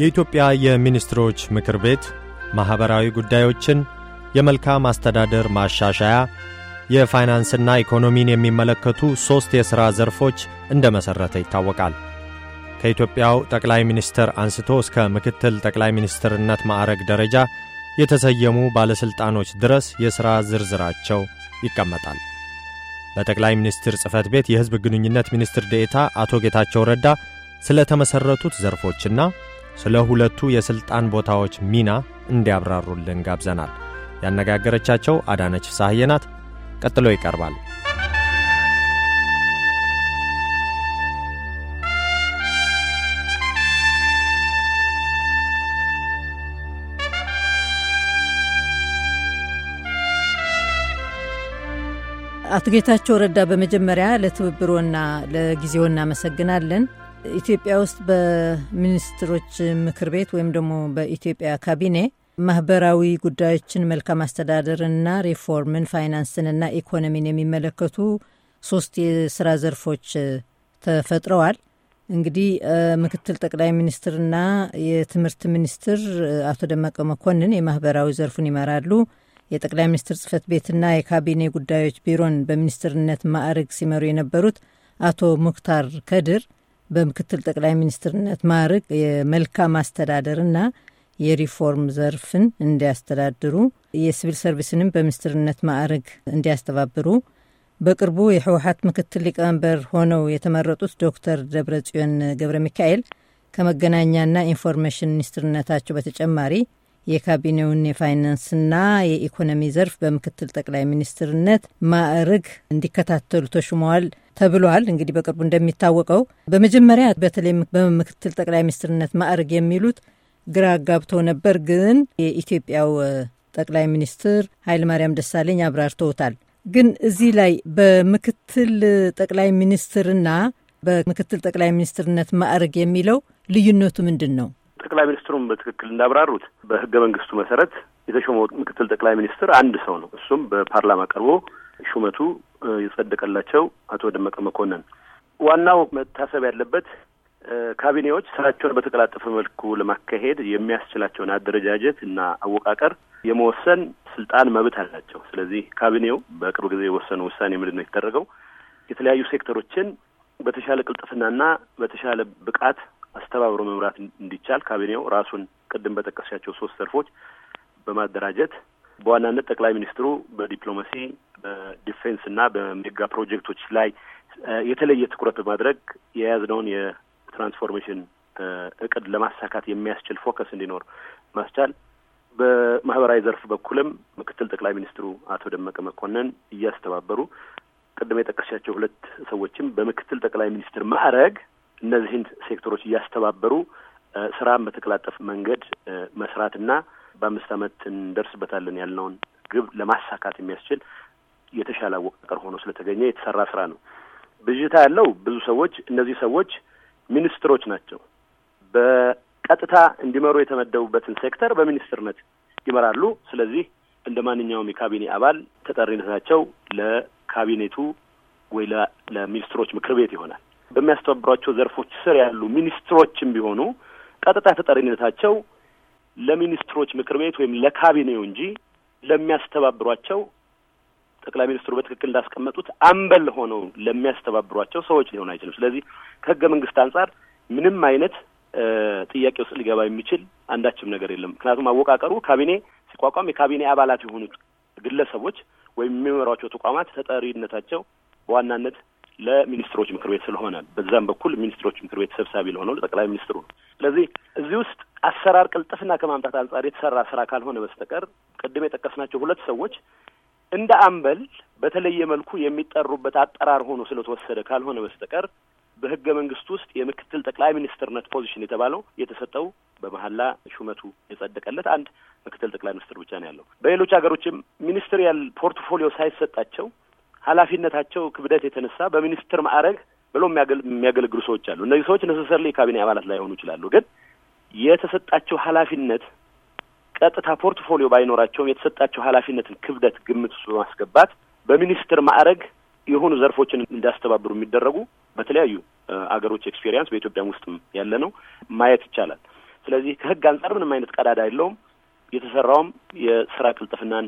የኢትዮጵያ የሚኒስትሮች ምክር ቤት ማኅበራዊ ጉዳዮችን፣ የመልካም አስተዳደር ማሻሻያ፣ የፋይናንስና ኢኮኖሚን የሚመለከቱ ሦስት የሥራ ዘርፎች እንደ መሠረተ ይታወቃል። ከኢትዮጵያው ጠቅላይ ሚኒስትር አንስቶ እስከ ምክትል ጠቅላይ ሚኒስትርነት ማዕረግ ደረጃ የተሰየሙ ባለሥልጣኖች ድረስ የሥራ ዝርዝራቸው ይቀመጣል። በጠቅላይ ሚኒስትር ጽሕፈት ቤት የሕዝብ ግንኙነት ሚኒስትር ዴኤታ አቶ ጌታቸው ረዳ ስለ ተመሠረቱት ዘርፎችና ስለ ሁለቱ የሥልጣን ቦታዎች ሚና እንዲያብራሩልን ጋብዘናል። ያነጋገረቻቸው አዳነች ሳህዬ ናት። ቀጥሎ ይቀርባል። አቶ ጌታቸው ረዳ፣ በመጀመሪያ ለትብብሮና ለጊዜው እናመሰግናለን። ኢትዮጵያ ውስጥ በሚኒስትሮች ምክር ቤት ወይም ደግሞ በኢትዮጵያ ካቢኔ ማህበራዊ ጉዳዮችን፣ መልካም አስተዳደርና ሪፎርምን፣ ፋይናንስንና ኢኮኖሚን የሚመለከቱ ሶስት የስራ ዘርፎች ተፈጥረዋል። እንግዲህ ምክትል ጠቅላይ ሚኒስትርና የትምህርት ሚኒስትር አቶ ደመቀ መኮንን የማህበራዊ ዘርፉን ይመራሉ። የጠቅላይ ሚኒስትር ጽህፈት ቤትና የካቢኔ ጉዳዮች ቢሮን በሚኒስትርነት ማዕረግ ሲመሩ የነበሩት አቶ ሙክታር ከድር በምክትል ጠቅላይ ሚኒስትርነት ማዕረግ የመልካም አስተዳደርና የሪፎርም ዘርፍን እንዲያስተዳድሩ የሲቪል ሰርቪስንም በሚኒስትርነት ማዕረግ እንዲያስተባብሩ በቅርቡ የህወሀት ምክትል ሊቀመንበር ሆነው የተመረጡት ዶክተር ደብረጽዮን ገብረ ሚካኤል ከመገናኛና ኢንፎርሜሽን ሚኒስትርነታቸው በተጨማሪ የካቢኔውን የፋይናንስና የኢኮኖሚ ዘርፍ በምክትል ጠቅላይ ሚኒስትርነት ማዕረግ እንዲከታተሉ ተሹመዋል ተብሏል። እንግዲህ በቅርቡ እንደሚታወቀው በመጀመሪያ በተለይ በምክትል ጠቅላይ ሚኒስትርነት ማዕረግ የሚሉት ግራ አጋብቶ ነበር። ግን የኢትዮጵያው ጠቅላይ ሚኒስትር ኃይለማርያም ደሳለኝ አብራርተውታል። ግን እዚህ ላይ በምክትል ጠቅላይ ሚኒስትርና በምክትል ጠቅላይ ሚኒስትርነት ማዕረግ የሚለው ልዩነቱ ምንድን ነው? ጠቅላይ ሚኒስትሩም በትክክል እንዳብራሩት በህገ መንግስቱ መሰረት የተሾመው ምክትል ጠቅላይ ሚኒስትር አንድ ሰው ነው። እሱም በፓርላማ ቀርቦ ሹመቱ የጸደቀላቸው አቶ ደመቀ መኮንን። ዋናው መታሰብ ያለበት ካቢኔዎች ስራቸውን በተቀላጠፈ መልኩ ለማካሄድ የሚያስችላቸውን አደረጃጀት እና አወቃቀር የመወሰን ስልጣን መብት አላቸው። ስለዚህ ካቢኔው በቅርብ ጊዜ የወሰኑ ውሳኔ ምንድን ነው የተደረገው? የተለያዩ ሴክተሮችን በተሻለ ቅልጥፍናና በተሻለ ብቃት አስተባብሮ መምራት እንዲቻል ካቢኔው ራሱን ቅድም በጠቀስሻቸው ሶስት ዘርፎች በማደራጀት በዋናነት ጠቅላይ ሚኒስትሩ በዲፕሎማሲ በዲፌንስ እና በሜጋ ፕሮጀክቶች ላይ የተለየ ትኩረት በማድረግ የያዝነውን የትራንስፎርሜሽን እቅድ ለማሳካት የሚያስችል ፎከስ እንዲኖር ማስቻል በማህበራዊ ዘርፍ በኩልም ምክትል ጠቅላይ ሚኒስትሩ አቶ ደመቀ መኮንን እያስተባበሩ ቅድም የጠቀሻቸው ሁለት ሰዎችም በምክትል ጠቅላይ ሚኒስትር ማዕረግ እነዚህን ሴክተሮች እያስተባበሩ ስራን በተቀላጠፍ መንገድ መስራትና በአምስት ዓመት እንደርስበታለን ያልነውን ግብ ለማሳካት የሚያስችል የተሻለ አወቃቀር ሆኖ ስለተገኘ የተሰራ ስራ ነው። ብዥታ ያለው ብዙ ሰዎች እነዚህ ሰዎች ሚኒስትሮች ናቸው። በቀጥታ እንዲመሩ የተመደቡበትን ሴክተር በሚኒስትርነት ይመራሉ። ስለዚህ እንደ ማንኛውም የካቢኔ አባል ተጠሪነታቸው ለካቢኔቱ ወይ ለሚኒስትሮች ምክር ቤት ይሆናል። በሚያስተባብሯቸው ዘርፎች ስር ያሉ ሚኒስትሮችም ቢሆኑ ቀጥታ ተጠሪነታቸው ለሚኒስትሮች ምክር ቤት ወይም ለካቢኔው እንጂ ለሚያስተባብሯቸው ጠቅላይ ሚኒስትሩ በትክክል እንዳስቀመጡት አምበል ሆነው ለሚያስተባብሯቸው ሰዎች ሊሆን አይችልም። ስለዚህ ከህገ መንግስት አንጻር ምንም አይነት ጥያቄ ውስጥ ሊገባ የሚችል አንዳችም ነገር የለም። ምክንያቱም አወቃቀሩ ካቢኔ ሲቋቋም የካቢኔ አባላት የሆኑት ግለሰቦች ወይም የሚመሯቸው ተቋማት ተጠሪነታቸው በዋናነት ለሚኒስትሮች ምክር ቤት ስለሆነ በዛም በኩል ሚኒስትሮች ምክር ቤት ሰብሳቢ ለሆነው ለጠቅላይ ሚኒስትሩ ነው። ስለዚህ እዚህ ውስጥ አሰራር ቅልጥፍና ከማምጣት አንጻር የተሰራ ስራ ካልሆነ በስተቀር ቅድም የጠቀስናቸው ሁለት ሰዎች እንደ አምበል በተለየ መልኩ የሚጠሩበት አጠራር ሆኖ ስለተወሰደ ካልሆነ በስተቀር በህገ መንግስት ውስጥ የምክትል ጠቅላይ ሚኒስትርነት ፖዚሽን የተባለው የተሰጠው በመሀላ ሹመቱ የጸደቀለት አንድ ምክትል ጠቅላይ ሚኒስትር ብቻ ነው ያለው። በሌሎች ሀገሮችም ሚኒስትሪያል ፖርትፎሊዮ ሳይሰጣቸው ኃላፊነታቸው ክብደት የተነሳ በሚኒስትር ማዕረግ ብሎ የሚያገለግሉ ሰዎች አሉ። እነዚህ ሰዎች ነሰሰርሊ የካቢኔ አባላት ሆኑ ይችላሉ። ግን የተሰጣቸው ኃላፊነት ቀጥታ ፖርትፎሊዮ ባይኖራቸውም የተሰጣቸው ኃላፊነትን ክብደት ግምት ውስጥ በማስገባት በሚኒስትር ማዕረግ የሆኑ ዘርፎችን እንዲያስተባብሩ የሚደረጉ በተለያዩ አገሮች ኤክስፔሪንስ በኢትዮጵያም ውስጥም ያለ ነው ማየት ይቻላል። ስለዚህ ከህግ አንጻር ምንም አይነት ቀዳዳ የለውም። የተሰራውም የስራ ቅልጥፍናን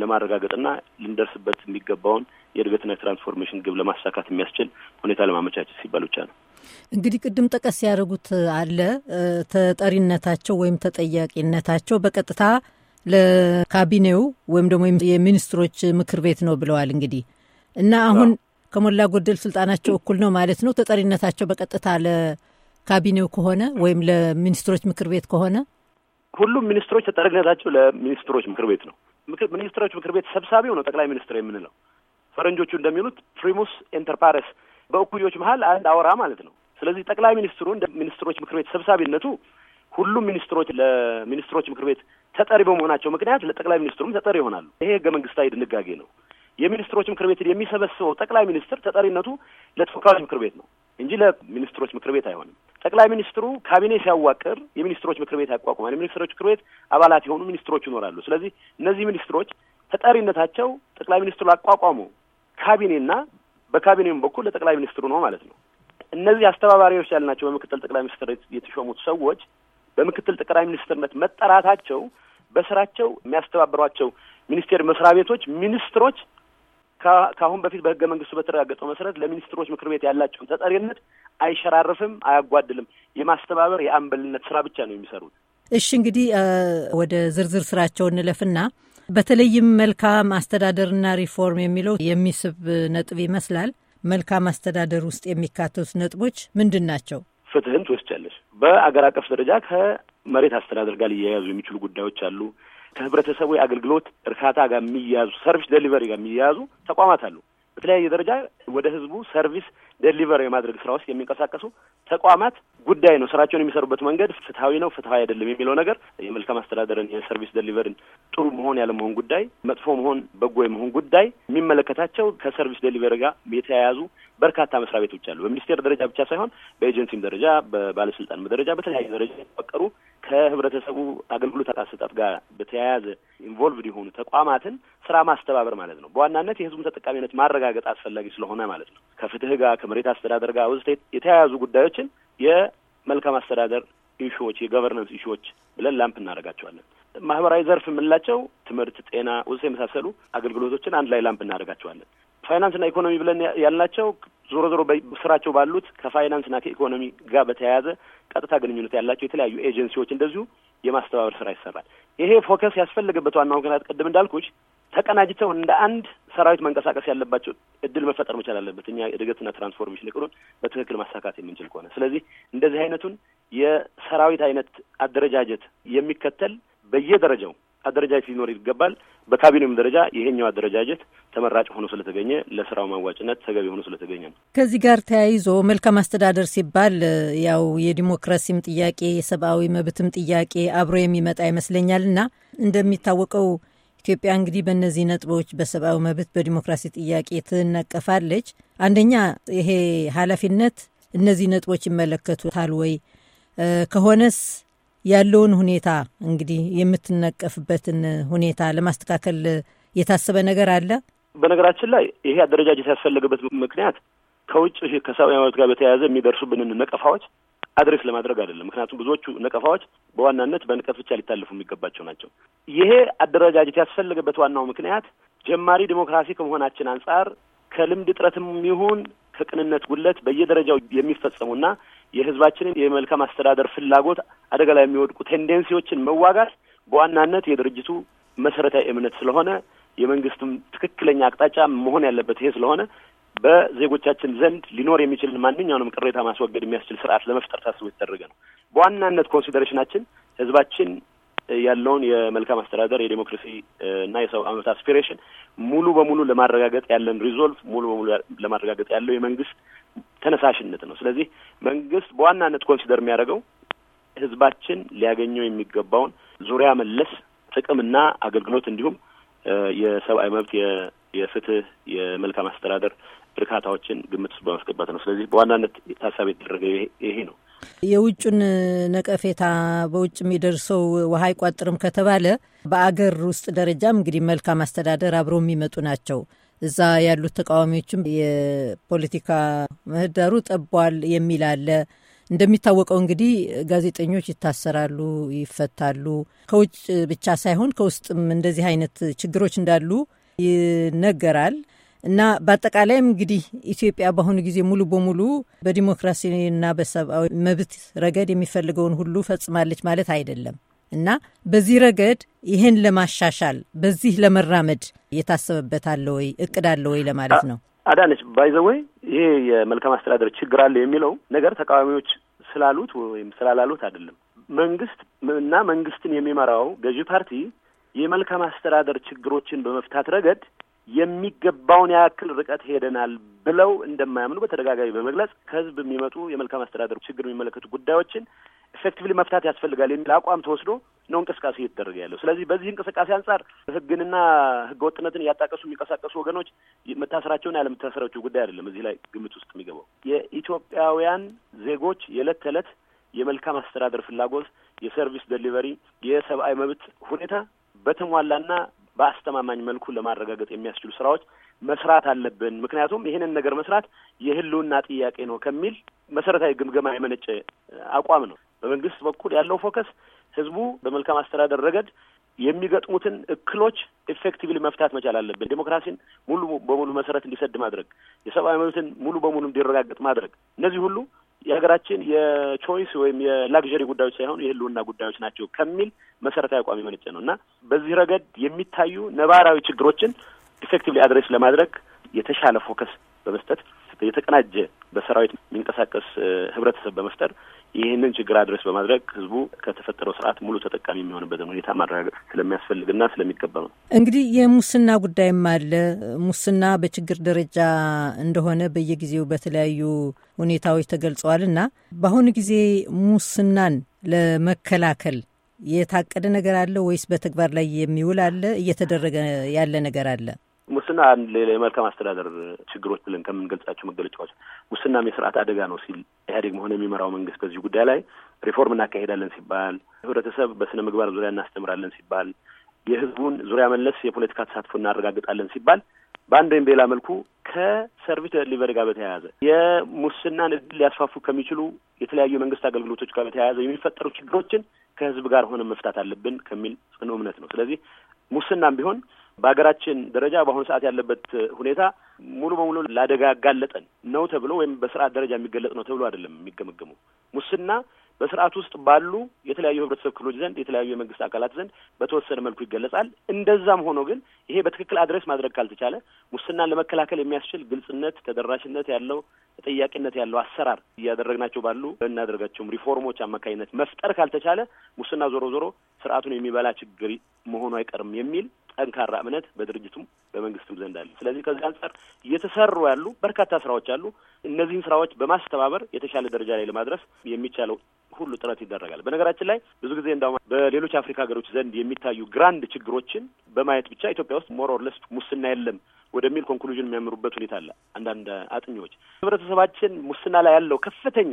ለማረጋገጥና ልንደርስበት የሚገባውን የእድገትና የትራንስፎርሜሽን ግብ ለማሳካት የሚያስችል ሁኔታ ለማመቻቸት ሲባል ብቻ ነው። እንግዲህ ቅድም ጠቀስ ያደረጉት አለ ተጠሪነታቸው ወይም ተጠያቂነታቸው በቀጥታ ለካቢኔው ወይም ደግሞ የሚኒስትሮች ምክር ቤት ነው ብለዋል። እንግዲህ እና አሁን ከሞላ ጎደል ስልጣናቸው እኩል ነው ማለት ነው። ተጠሪነታቸው በቀጥታ ለካቢኔው ከሆነ ወይም ለሚኒስትሮች ምክር ቤት ከሆነ ሁሉም ሚኒስትሮች ተጠሪነታቸው ለሚኒስትሮች ምክር ቤት ነው። ሚኒስትሮች ምክር ቤት ሰብሳቢው ነው ጠቅላይ ሚኒስትር የምንለው። ፈረንጆቹ እንደሚሉት ፕሪሙስ ኢንተር በእኩዮች መሀል አንድ አወራ ማለት ነው። ስለዚህ ጠቅላይ ሚኒስትሩ እንደ ሚኒስትሮች ምክር ቤት ሰብሳቢነቱ ሁሉም ሚኒስትሮች ለሚኒስትሮች ምክር ቤት ተጠሪ በመሆናቸው ምክንያት ለጠቅላይ ሚኒስትሩም ተጠሪ ይሆናሉ። ይሄ ህገ መንግስታዊ ድንጋጌ ነው። የሚኒስትሮች ምክር ቤትን የሚሰበስበው ጠቅላይ ሚኒስትር ተጠሪነቱ ለተወካዮች ምክር ቤት ነው እንጂ ለሚኒስትሮች ምክር ቤት አይሆንም። ጠቅላይ ሚኒስትሩ ካቢኔ ሲያዋቅር የሚኒስትሮች ምክር ቤት ያቋቁማል። የሚኒስትሮች ምክር ቤት አባላት የሆኑ ሚኒስትሮች ይኖራሉ። ስለዚህ እነዚህ ሚኒስትሮች ተጠሪነታቸው ጠቅላይ ሚኒስትሩ አቋቋሙ ካቢኔና በካቢኔም በኩል ለጠቅላይ ሚኒስትሩ ነው ማለት ነው። እነዚህ አስተባባሪዎች ያልናቸው በምክትል ጠቅላይ ሚኒስትር የተሾሙት ሰዎች በምክትል ጠቅላይ ሚኒስትርነት መጠራታቸው በስራቸው የሚያስተባብሯቸው ሚኒስቴር መስሪያ ቤቶች ሚኒስትሮች ከአሁን በፊት በህገ መንግስቱ በተረጋገጠው መሰረት ለሚኒስትሮች ምክር ቤት ያላቸውን ተጠሪነት አይሸራርፍም፣ አያጓድልም። የማስተባበር የአምበልነት ስራ ብቻ ነው የሚሰሩት። እሺ እንግዲህ ወደ ዝርዝር ስራቸው እንለፍና በተለይም መልካም አስተዳደርና ሪፎርም የሚለው የሚስብ ነጥብ ይመስላል። መልካም አስተዳደር ውስጥ የሚካተቱት ነጥቦች ምንድን ናቸው? ፍትህን ትወስጃለች። በአገር አቀፍ ደረጃ ከመሬት አስተዳደር ጋር ሊያያዙ የሚችሉ ጉዳዮች አሉ። ከህብረተሰቡ የአገልግሎት እርካታ ጋር የሚያያዙ ሰርቪስ ደሊቨሪ ጋር የሚያያዙ ተቋማት አሉ። በተለያየ ደረጃ ወደ ህዝቡ ሰርቪስ ደሊቨሪ የማድረግ ስራ ውስጥ የሚንቀሳቀሱ ተቋማት ጉዳይ ነው። ስራቸውን የሚሰሩበት መንገድ ፍትሐዊ ነው፣ ፍትሐዊ አይደለም የሚለው ነገር የመልካም አስተዳደርን የሰርቪስ ደሊቨሪን ጥሩ መሆን ያለመሆን ጉዳይ፣ መጥፎ መሆን በጎ የመሆን ጉዳይ የሚመለከታቸው ከሰርቪስ ደሊቨሪ ጋር የተያያዙ በርካታ መስሪያ ቤቶች አሉ። በሚኒስቴር ደረጃ ብቻ ሳይሆን በኤጀንሲም ደረጃ፣ በባለስልጣንም ደረጃ በተለያየ ደረጃ የተፈቀሩ ከህብረተሰቡ አገልግሎት አሰጣጥ ጋር በተያያዘ ኢንቮልቭድ የሆኑ ተቋማትን ስራ ማስተባበር ማለት ነው። በዋናነት የህዝቡን ተጠቃሚነት ማረጋገጥ አስፈላጊ ስለሆነ ማለት ነው። ከፍትህ ጋር፣ ከመሬት አስተዳደር ጋር ውስጥ የተያያዙ ጉዳዮችን የመልካም አስተዳደር ኢሹዎች፣ የገቨርነንስ ኢሹዎች ብለን ላምፕ እናደርጋቸዋለን። ማህበራዊ ዘርፍ የምንላቸው ትምህርት፣ ጤና ውስጥ የመሳሰሉ አገልግሎቶችን አንድ ላይ ላምፕ እናደርጋቸዋለን። ፋይናንስና ኢኮኖሚ ብለን ያልናቸው ዞሮ ዞሮ ስራቸው ባሉት ከፋይናንስና ከኢኮኖሚ ጋር በተያያዘ ቀጥታ ግንኙነት ያላቸው የተለያዩ ኤጀንሲዎች እንደዚሁ የማስተባበር ስራ ይሰራል። ይሄ ፎከስ ያስፈለገበት ዋና ምክንያት ቅድም እንዳልኩች ተቀናጅተው እንደ አንድ ሰራዊት መንቀሳቀስ ያለባቸው እድል መፈጠር መቻል አለበት። እኛ እድገትና ትራንስፎርሜሽን እቅዱን በትክክል ማሳካት የምንችል ከሆነ ስለዚህ እንደዚህ አይነቱን የሰራዊት አይነት አደረጃጀት የሚከተል በየደረጃው አደረጃጀት ሊኖር ይገባል። በካቢኔም ደረጃ ይሄኛው አደረጃጀት ተመራጭ ሆኖ ስለተገኘ ለስራው ማዋጭነት ተገቢ ሆኖ ስለተገኘ ነው። ከዚህ ጋር ተያይዞ መልካም አስተዳደር ሲባል ያው የዲሞክራሲም ጥያቄ የሰብአዊ መብትም ጥያቄ አብሮ የሚመጣ ይመስለኛል እና እንደሚታወቀው ኢትዮጵያ እንግዲህ በእነዚህ ነጥቦች በሰብአዊ መብት፣ በዲሞክራሲ ጥያቄ ትነቀፋለች። አንደኛ ይሄ ኃላፊነት እነዚህ ነጥቦች ይመለከቱታል ወይ? ከሆነስ ያለውን ሁኔታ እንግዲህ የምትነቀፍበትን ሁኔታ ለማስተካከል የታሰበ ነገር አለ። በነገራችን ላይ ይሄ አደረጃጀት ያስፈለገበት ምክንያት ከውጭ ከሰብአዊ መብት ጋር በተያያዘ የሚደርሱብንን ነቀፋዎች አድሬስ ለማድረግ አይደለም። ምክንያቱም ብዙዎቹ ነቀፋዎች በዋናነት በንቀት ብቻ ሊታለፉ የሚገባቸው ናቸው። ይሄ አደረጃጀት ያስፈለገበት ዋናው ምክንያት ጀማሪ ዲሞክራሲ ከመሆናችን አንጻር ከልምድ እጥረትም ይሁን ከቅንነት ጉድለት በየደረጃው የሚፈጸሙና የህዝባችንን የመልካም አስተዳደር ፍላጎት አደጋ ላይ የሚወድቁ ቴንዴንሲዎችን መዋጋት በዋናነት የድርጅቱ መሰረታዊ እምነት ስለሆነ የመንግስትም ትክክለኛ አቅጣጫ መሆን ያለበት ይሄ ስለሆነ በዜጎቻችን ዘንድ ሊኖር የሚችል ማንኛውንም ቅሬታ ማስወገድ የሚያስችል ስርዓት ለመፍጠር ታስቦ የተደረገ ነው። በዋናነት ኮንሲደሬሽናችን ህዝባችን ያለውን የመልካም አስተዳደር የዴሞክራሲ እና የሰው አመት አስፒሬሽን ሙሉ በሙሉ ለማረጋገጥ ያለን ሪዞልቭ ሙሉ በሙሉ ለማረጋገጥ ያለው የመንግስት ተነሳሽነት ነው። ስለዚህ መንግስት በዋናነት ኮንሲደር የሚያደርገው ህዝባችን ሊያገኘው የሚገባውን ዙሪያ መለስ ጥቅምና አገልግሎት እንዲሁም የሰብአዊ መብት የፍትህ፣ የመልካም አስተዳደር እርካታዎችን ግምት ውስጥ በማስገባት ነው። ስለዚህ በዋናነት ታሳቢ የተደረገ ይሄ ነው። የውጩን ነቀፌታ በውጭ የሚደርሰው ውሃ አይቋጥርም ከተባለ በአገር ውስጥ ደረጃም እንግዲህ መልካም አስተዳደር አብረው የሚመጡ ናቸው። እዛ ያሉት ተቃዋሚዎችም የፖለቲካ ምህዳሩ ጠቧል የሚል አለ። እንደሚታወቀው እንግዲህ ጋዜጠኞች ይታሰራሉ፣ ይፈታሉ። ከውጭ ብቻ ሳይሆን ከውስጥም እንደዚህ አይነት ችግሮች እንዳሉ ይነገራል። እና በአጠቃላይም እንግዲህ ኢትዮጵያ በአሁኑ ጊዜ ሙሉ በሙሉ በዲሞክራሲና በሰብአዊ መብት ረገድ የሚፈልገውን ሁሉ ፈጽማለች ማለት አይደለም። እና በዚህ ረገድ ይህን ለማሻሻል በዚህ ለመራመድ እየታሰበበት አለ ወይ እቅድ አለ ወይ ለማለት ነው። አዳነች ባይዘወይ ይሄ የመልካም አስተዳደር ችግር አለ የሚለው ነገር ተቃዋሚዎች ስላሉት ወይም ስላላሉት አይደለም። መንግስት እና መንግስትን የሚመራው ገዢ ፓርቲ የመልካም አስተዳደር ችግሮችን በመፍታት ረገድ የሚገባውን ያክል ርቀት ሄደናል ብለው እንደማያምኑ በተደጋጋሚ በመግለጽ ከህዝብ የሚመጡ የመልካም አስተዳደር ችግር የሚመለከቱ ጉዳዮችን ኢፌክቲቭሊ መፍታት ያስፈልጋል የሚል አቋም ተወስዶ ነው እንቅስቃሴ እየተደረገ ያለው። ስለዚህ በዚህ እንቅስቃሴ አንጻር ህግንና ህገ ወጥነትን እያጣቀሱ የሚንቀሳቀሱ ወገኖች መታሰራቸውን ያለመታሰራቸው ጉዳይ አይደለም እዚህ ላይ ግምት ውስጥ የሚገባው የኢትዮጵያውያን ዜጎች የዕለት ተዕለት የመልካም አስተዳደር ፍላጎት፣ የሰርቪስ ደሊቨሪ፣ የሰብአዊ መብት ሁኔታ በተሟላና በአስተማማኝ መልኩ ለማረጋገጥ የሚያስችሉ ስራዎች መስራት አለብን። ምክንያቱም ይህንን ነገር መስራት የህልውና ጥያቄ ነው ከሚል መሰረታዊ ግምገማ የመነጨ አቋም ነው። በመንግስት በኩል ያለው ፎከስ ህዝቡ በመልካም አስተዳደር ረገድ የሚገጥሙትን እክሎች ኢፌክቲቭሊ መፍታት መቻል አለብን። ዴሞክራሲን ሙሉ በሙሉ መሰረት እንዲሰድ ማድረግ፣ የሰብአዊ መብትን ሙሉ በሙሉ እንዲረጋገጥ ማድረግ፣ እነዚህ ሁሉ የሀገራችን የቾይስ ወይም የላግዠሪ ጉዳዮች ሳይሆኑ የህልውና ጉዳዮች ናቸው ከሚል መሰረታዊ አቋም የመነጨ ነው እና በዚህ ረገድ የሚታዩ ነባራዊ ችግሮችን ኢፌክቲቭሊ አድሬስ ለማድረግ የተሻለ ፎከስ በመስጠት የተቀናጀ በሰራዊት የሚንቀሳቀስ ህብረተሰብ በመፍጠር ይህንን ችግር አድረስ በማድረግ ህዝቡ ከተፈጠረው ስርዓት ሙሉ ተጠቃሚ የሚሆንበትን ሁኔታ ማረጋገጥ ስለሚያስፈልግና ስለሚገባ ነው። እንግዲህ የሙስና ጉዳይም አለ። ሙስና በችግር ደረጃ እንደሆነ በየጊዜው በተለያዩ ሁኔታዎች ተገልጸዋል እና በአሁኑ ጊዜ ሙስናን ለመከላከል የታቀደ ነገር አለ ወይስ በተግባር ላይ የሚውል አለ? እየተደረገ ያለ ነገር አለ? ሙስና ሌላ የመልካም አስተዳደር ችግሮች ብለን ከምንገልጻቸው መገለጫዎች ሙስናም የስርዓት አደጋ ነው ሲል ኢህአዴግ መሆን የሚመራው መንግስት በዚህ ጉዳይ ላይ ሪፎርም እናካሄዳለን ሲባል፣ ህብረተሰብ በስነ ምግባር ዙሪያ እናስተምራለን ሲባል፣ የህዝቡን ዙሪያ መለስ የፖለቲካ ተሳትፎ እናረጋግጣለን ሲባል በአንድ ወይም በሌላ መልኩ ከሰርቪስ ሊቨሪ ጋር በተያያዘ የሙስናን እድል ሊያስፋፉ ከሚችሉ የተለያዩ የመንግስት አገልግሎቶች ጋር በተያያዘ የሚፈጠሩ ችግሮችን ከህዝብ ጋር ሆነ መፍታት አለብን ከሚል ጽኑ እምነት ነው። ስለዚህ ሙስናም ቢሆን በሀገራችን ደረጃ በአሁኑ ሰዓት ያለበት ሁኔታ ሙሉ በሙሉ ለአደጋ ያጋለጠን ነው ተብሎ ወይም በስርዓት ደረጃ የሚገለጥ ነው ተብሎ አይደለም የሚገመገመው። ሙስና በስርዓት ውስጥ ባሉ የተለያዩ ህብረተሰብ ክፍሎች ዘንድ የተለያዩ የመንግስት አካላት ዘንድ በተወሰነ መልኩ ይገለጻል። እንደዛም ሆኖ ግን ይሄ በትክክል አድረስ ማድረግ ካልተቻለ ሙስናን ለመከላከል የሚያስችል ግልጽነት፣ ተደራሽነት ያለው ተጠያቂነት ያለው አሰራር እያደረግናቸው ባሉ እናደርጋቸውም ሪፎርሞች አማካኝነት መፍጠር ካልተቻለ ሙስና ዞሮ ዞሮ ስርዓቱን የሚበላ ችግር መሆኑ አይቀርም የሚል ጠንካራ እምነት በድርጅቱም በመንግስትም ዘንድ አለ። ስለዚህ ከዚህ አንጻር እየተሰሩ ያሉ በርካታ ስራዎች አሉ። እነዚህን ስራዎች በማስተባበር የተሻለ ደረጃ ላይ ለማድረስ የሚቻለው ሁሉ ጥረት ይደረጋል። በነገራችን ላይ ብዙ ጊዜ እንደ በሌሎች አፍሪካ ሀገሮች ዘንድ የሚታዩ ግራንድ ችግሮችን በማየት ብቻ ኢትዮጵያ ውስጥ ሞር ኦር ለስ ሙስና የለም ወደሚል ኮንክሉዥን የሚያምሩበት ሁኔታ አለ። አንዳንድ አጥኚዎች ህብረተሰባችን ሙስና ላይ ያለው ከፍተኛ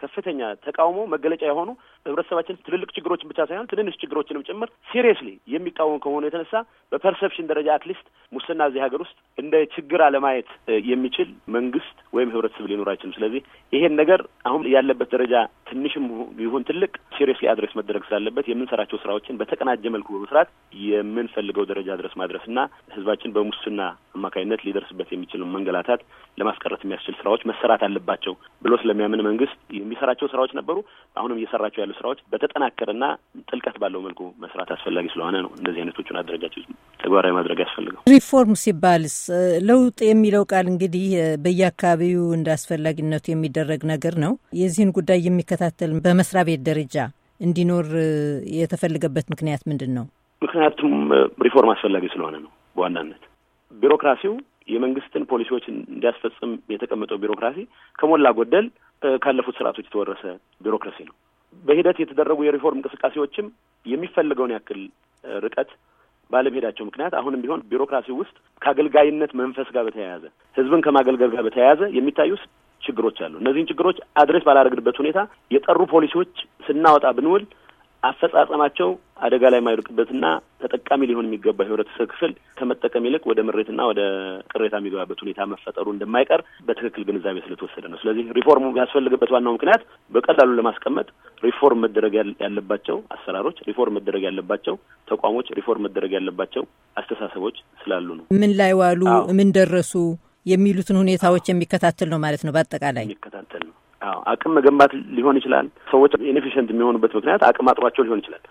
ከፍተኛ ተቃውሞ መገለጫ የሆኑ ህብረተሰባችን ትልልቅ ችግሮችን ብቻ ሳይሆን ትንንሽ ችግሮችንም ጭምር ሲሪየስሊ የሚቃወም ከመሆኑ የተነሳ በፐርሰፕሽን ደረጃ አትሊስት ሙስና እዚህ ሀገር ውስጥ እንደ ችግር አለማየት የሚችል መንግስት ወይም ህብረተሰብ ሊኖር አይችልም። ስለዚህ ይሄን ነገር አሁን ያለበት ደረጃ ትንሽም ይሁን ትልቅ ሲሪየስሊ አድሬስ መደረግ ስላለበት የምንሰራቸው ስራዎችን በተቀናጀ መልኩ በመስራት የምንፈልገው ደረጃ ድረስ ማድረስ እና ህዝባችን በሙስና አማካኝነት ሊደርስበት የሚችል መንገላታት ለማስቀረት የሚያስችል ስራዎች መሰራት አለባቸው ብሎ ስለሚያምን መንግስት የሚሰራቸው ስራዎች ነበሩ። አሁንም እየሰራቸው ያሉ ስራዎች በተጠናከረና ጥልቀት ባለው መልኩ መስራት አስፈላጊ ስለሆነ ነው እንደዚህ አይነቶቹን አደረጃጀት ተግባራዊ ማድረግ ያስፈልገው። ሪፎርም ሲባልስ ለውጥ የሚለው ቃል እንግዲህ በየአካባቢው እንደ አስፈላጊነቱ የሚደረግ ነገር ነው። የዚህን ጉዳይ የሚከታተል በመስሪያ ቤት ደረጃ እንዲኖር የተፈለገበት ምክንያት ምንድን ነው? ምክንያቱም ሪፎርም አስፈላጊ ስለሆነ ነው። በዋናነት ቢሮክራሲው የመንግስትን ፖሊሲዎች እንዲያስፈጽም የተቀመጠው ቢሮክራሲ ከሞላ ጎደል ካለፉት ስርዓቶች የተወረሰ ቢሮክራሲ ነው። በሂደት የተደረጉ የሪፎርም እንቅስቃሴዎችም የሚፈልገውን ያክል ርቀት ባለመሄዳቸው ምክንያት አሁንም ቢሆን ቢሮክራሲ ውስጥ ከአገልጋይነት መንፈስ ጋር በተያያዘ ህዝብን ከማገልገል ጋር በተያያዘ የሚታዩ ችግሮች አሉ። እነዚህን ችግሮች አድሬስ ባላረግንበት ሁኔታ የጠሩ ፖሊሲዎች ስናወጣ ብንውል አፈጻጸማቸው አደጋ ላይ የማይወድቅበትና ተጠቃሚ ሊሆን የሚገባ የህብረተሰብ ክፍል ከመጠቀም ይልቅ ወደ ምሬትና ወደ ቅሬታ የሚገባበት ሁኔታ መፈጠሩ እንደማይቀር በትክክል ግንዛቤ ስለተወሰደ ነው። ስለዚህ ሪፎርም ያስፈልግበት ዋናው ምክንያት በቀላሉ ለማስቀመጥ ሪፎርም መደረግ ያለባቸው አሰራሮች፣ ሪፎርም መደረግ ያለባቸው ተቋሞች፣ ሪፎርም መደረግ ያለባቸው አስተሳሰቦች ስላሉ ነው። ምን ላይ ዋሉ፣ ምን ደረሱ የሚሉትን ሁኔታዎች የሚከታተል ነው ማለት ነው። በአጠቃላይ የሚከታተል ነው። አቅም መገንባት ሊሆን ይችላል። ሰዎች ኢንኤፊሽንት የሚሆኑበት ምክንያት አቅም አጥሯቸው ሊሆን ይችላል።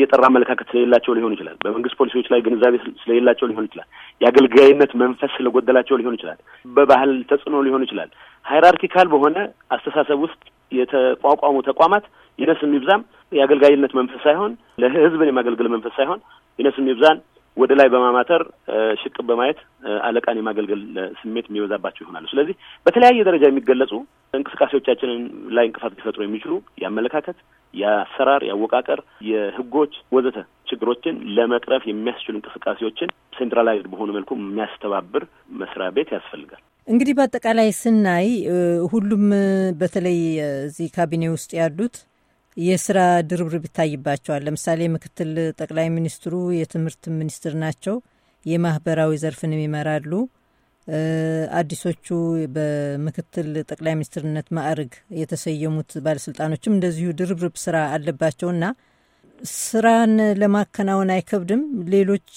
የጠራ አመለካከት ስለሌላቸው ሊሆን ይችላል። በመንግስት ፖሊሲዎች ላይ ግንዛቤ ስለሌላቸው ሊሆን ይችላል። የአገልጋይነት መንፈስ ስለጎደላቸው ሊሆን ይችላል። በባህል ተጽዕኖ ሊሆን ይችላል። ሃይራርኪካል በሆነ አስተሳሰብ ውስጥ የተቋቋሙ ተቋማት ይነስ የሚብዛም የአገልጋይነት መንፈስ ሳይሆን ለህዝብን የማገልገል መንፈስ ሳይሆን ይነስ የሚብዛን ወደ ላይ በማማተር ሽቅብ በማየት አለቃን የማገልገል ስሜት የሚበዛባቸው ይሆናሉ። ስለዚህ በተለያየ ደረጃ የሚገለጹ እንቅስቃሴዎቻችንን ላይ እንቅፋት ሊፈጥሩ የሚችሉ የአመለካከት፣ የአሰራር፣ የአወቃቀር፣ የህጎች ወዘተ ችግሮችን ለመቅረፍ የሚያስችሉ እንቅስቃሴዎችን ሴንትራላይዝድ በሆነ መልኩ የሚያስተባብር መስሪያ ቤት ያስፈልጋል። እንግዲህ በአጠቃላይ ስናይ ሁሉም በተለይ እዚህ ካቢኔ ውስጥ ያሉት የስራ ድርብርብ ይታይባቸዋል። ለምሳሌ ምክትል ጠቅላይ ሚኒስትሩ የትምህርት ሚኒስትር ናቸው፣ የማህበራዊ ዘርፍንም ይመራሉ። አዲሶቹ በምክትል ጠቅላይ ሚኒስትርነት ማዕረግ የተሰየሙት ባለስልጣኖችም እንደዚሁ ድርብርብ ስራ አለባቸውና ስራን ለማከናወን አይከብድም። ሌሎች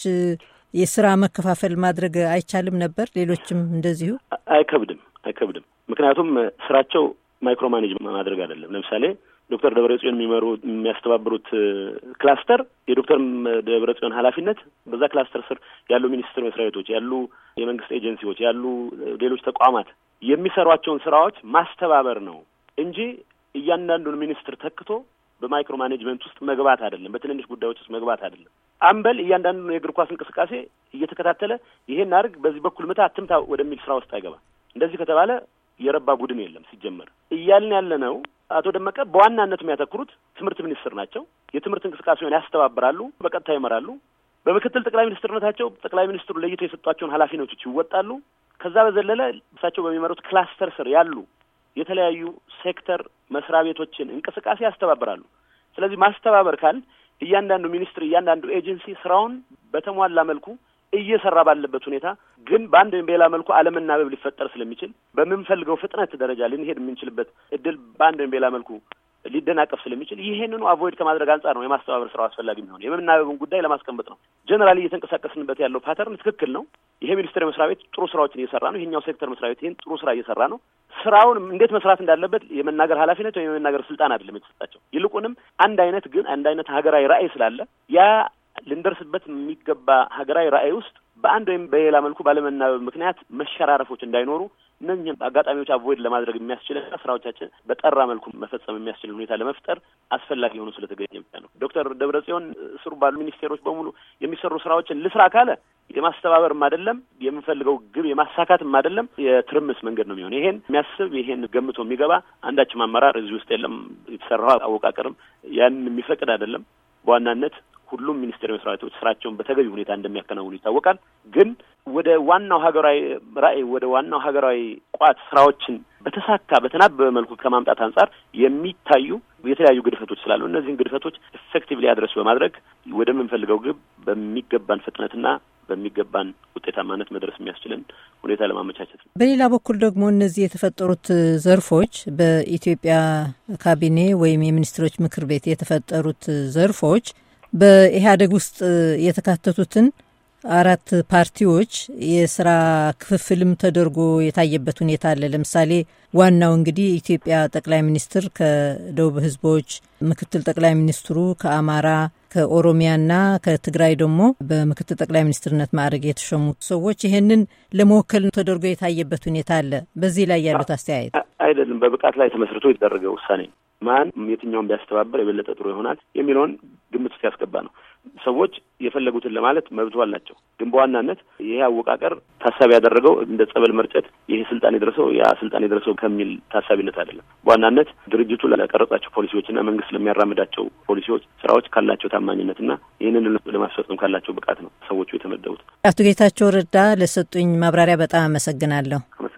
የስራ መከፋፈል ማድረግ አይቻልም ነበር። ሌሎችም እንደዚሁ አይከብድም አይከብድም። ምክንያቱም ስራቸው ማይክሮ ማኔጅ ማድረግ አይደለም። ለምሳሌ ዶክተር ደብረጽዮን የሚመሩ የሚያስተባብሩት ክላስተር የዶክተር ደብረጽዮን ኃላፊነት በዛ ክላስተር ስር ያሉ ሚኒስቴር መስሪያ ቤቶች፣ ያሉ የመንግስት ኤጀንሲዎች፣ ያሉ ሌሎች ተቋማት የሚሰሯቸውን ስራዎች ማስተባበር ነው እንጂ እያንዳንዱን ሚኒስትር ተክቶ በማይክሮ ማኔጅመንት ውስጥ መግባት አይደለም። በትንንሽ ጉዳዮች ውስጥ መግባት አይደለም። አምበል እያንዳንዱን የእግር ኳስ እንቅስቃሴ እየተከታተለ ይሄን አድርግ፣ በዚህ በኩል ምታ፣ አትምታ ወደሚል ስራ ውስጥ አይገባም። እንደዚህ ከተባለ የረባ ቡድን የለም። ሲጀመር እያልን ያለ ነው አቶ ደመቀ በዋናነት የሚያተኩሩት ትምህርት ሚኒስትር ናቸው። የትምህርት እንቅስቃሴውን ያስተባብራሉ፣ በቀጥታ ይመራሉ። በምክትል ጠቅላይ ሚኒስትርነታቸው ጠቅላይ ሚኒስትሩ ለይቶ የሰጧቸውን ኃላፊነቶች ይወጣሉ። ከዛ በዘለለ እሳቸው በሚመሩት ክላስተር ስር ያሉ የተለያዩ ሴክተር መስሪያ ቤቶችን እንቅስቃሴ ያስተባብራሉ። ስለዚህ ማስተባበር ካል እያንዳንዱ ሚኒስትር፣ እያንዳንዱ ኤጀንሲ ስራውን በተሟላ መልኩ እየሰራ ባለበት ሁኔታ ግን በአንድ ወይም በሌላ መልኩ አለመናበብ ሊፈጠር ስለሚችል በምንፈልገው ፍጥነት ደረጃ ልንሄድ የምንችልበት እድል በአንድ ወይም በሌላ መልኩ ሊደናቀፍ ስለሚችል ይሄንኑ አቮይድ ከማድረግ አንጻር ነው የማስተባበር ስራው አስፈላጊ የሚሆነው። የመናበብን ጉዳይ ለማስቀመጥ ነው። ጀነራል እየተንቀሳቀስንበት ያለው ፓተርን ትክክል ነው። ይሄ ሚኒስቴር መስሪያ ቤት ጥሩ ስራዎችን እየሰራ ነው። ይሄኛው ሴክተር መስሪያ ቤት ይህን ጥሩ ስራ እየሰራ ነው። ስራውን እንዴት መስራት እንዳለበት የመናገር ኃላፊነት ወይም የመናገር ስልጣን አይደለም የተሰጣቸው። ይልቁንም አንድ አይነት ግን አንድ አይነት ሀገራዊ ራዕይ ስላለ ያ ልንደርስበት የሚገባ ሀገራዊ ራዕይ ውስጥ በአንድ ወይም በሌላ መልኩ ባለመናበብ ምክንያት መሸራረፎች እንዳይኖሩ እነዚህም አጋጣሚዎች አቮይድ ለማድረግ የሚያስችልና ስራዎቻችን በጠራ መልኩ መፈጸም የሚያስችል ሁኔታ ለመፍጠር አስፈላጊ የሆኑ ስለተገኘ ብቻ ነው። ዶክተር ደብረጽዮን ስሩ ባሉ ሚኒስቴሮች በሙሉ የሚሰሩ ስራዎችን ልስራ ካለ የማስተባበርም አይደለም የምንፈልገው ግብ የማሳካትም አይደለም የትርምስ መንገድ ነው የሚሆን። ይሄን የሚያስብ ይሄን ገምቶ የሚገባ አንዳችም አመራር እዚህ ውስጥ የለም። የተሰራው አወቃቀርም ያንን የሚፈቅድ አይደለም። በዋናነት ሁሉም ሚኒስቴር መስሪያ ቤቶች ስራቸውን በተገቢ ሁኔታ እንደሚያከናውኑ ይታወቃል። ግን ወደ ዋናው ሀገራዊ ራዕይ ወደ ዋናው ሀገራዊ ቋት ስራዎችን በተሳካ በተናበበ መልኩ ከማምጣት አንጻር የሚታዩ የተለያዩ ግድፈቶች ስላሉ እነዚህን ግድፈቶች ኢፌክቲቭሊ አድረስ በማድረግ ወደምንፈልገው ግብ በሚገባን ፍጥነትና በሚገባን ውጤታማነት መድረስ የሚያስችልን ሁኔታ ለማመቻቸት ነው። በሌላ በኩል ደግሞ እነዚህ የተፈጠሩት ዘርፎች በኢትዮጵያ ካቢኔ ወይም የሚኒስትሮች ምክር ቤት የተፈጠሩት ዘርፎች በኢህአዴግ ውስጥ የተካተቱትን አራት ፓርቲዎች የስራ ክፍፍልም ተደርጎ የታየበት ሁኔታ አለ። ለምሳሌ ዋናው እንግዲህ ኢትዮጵያ ጠቅላይ ሚኒስትር ከደቡብ ህዝቦች፣ ምክትል ጠቅላይ ሚኒስትሩ ከአማራ ከኦሮሚያና ከትግራይ ደግሞ በምክትል ጠቅላይ ሚኒስትርነት ማዕረግ የተሾሙት ሰዎች ይህንን ለመወከል ተደርጎ የታየበት ሁኔታ አለ። በዚህ ላይ ያሉት አስተያየት በብቃት ላይ ተመስርቶ የተደረገ ውሳኔ ነው። ማን የትኛውን ቢያስተባበር የበለጠ ጥሩ ይሆናል የሚለውን ግምት ውስጥ ያስገባ ነው። ሰዎች የፈለጉትን ለማለት መብቱ አላቸው። ግን በዋናነት ይሄ አወቃቀር ታሳቢ ያደረገው እንደ ጸበል መርጨት ይሄ ስልጣን የደረሰው ያ ስልጣን የደረሰው ከሚል ታሳቢነት አይደለም። በዋናነት ድርጅቱ ለቀረጻቸው ፖሊሲዎችና መንግስት ለሚያራምዳቸው ፖሊሲዎች፣ ስራዎች ካላቸው ታማኝነትና ይህንን ለማስፈጸም ካላቸው ብቃት ነው ሰዎቹ የተመደቡት። አቶ ጌታቸው ረዳ ለሰጡኝ ማብራሪያ በጣም አመሰግናለሁ።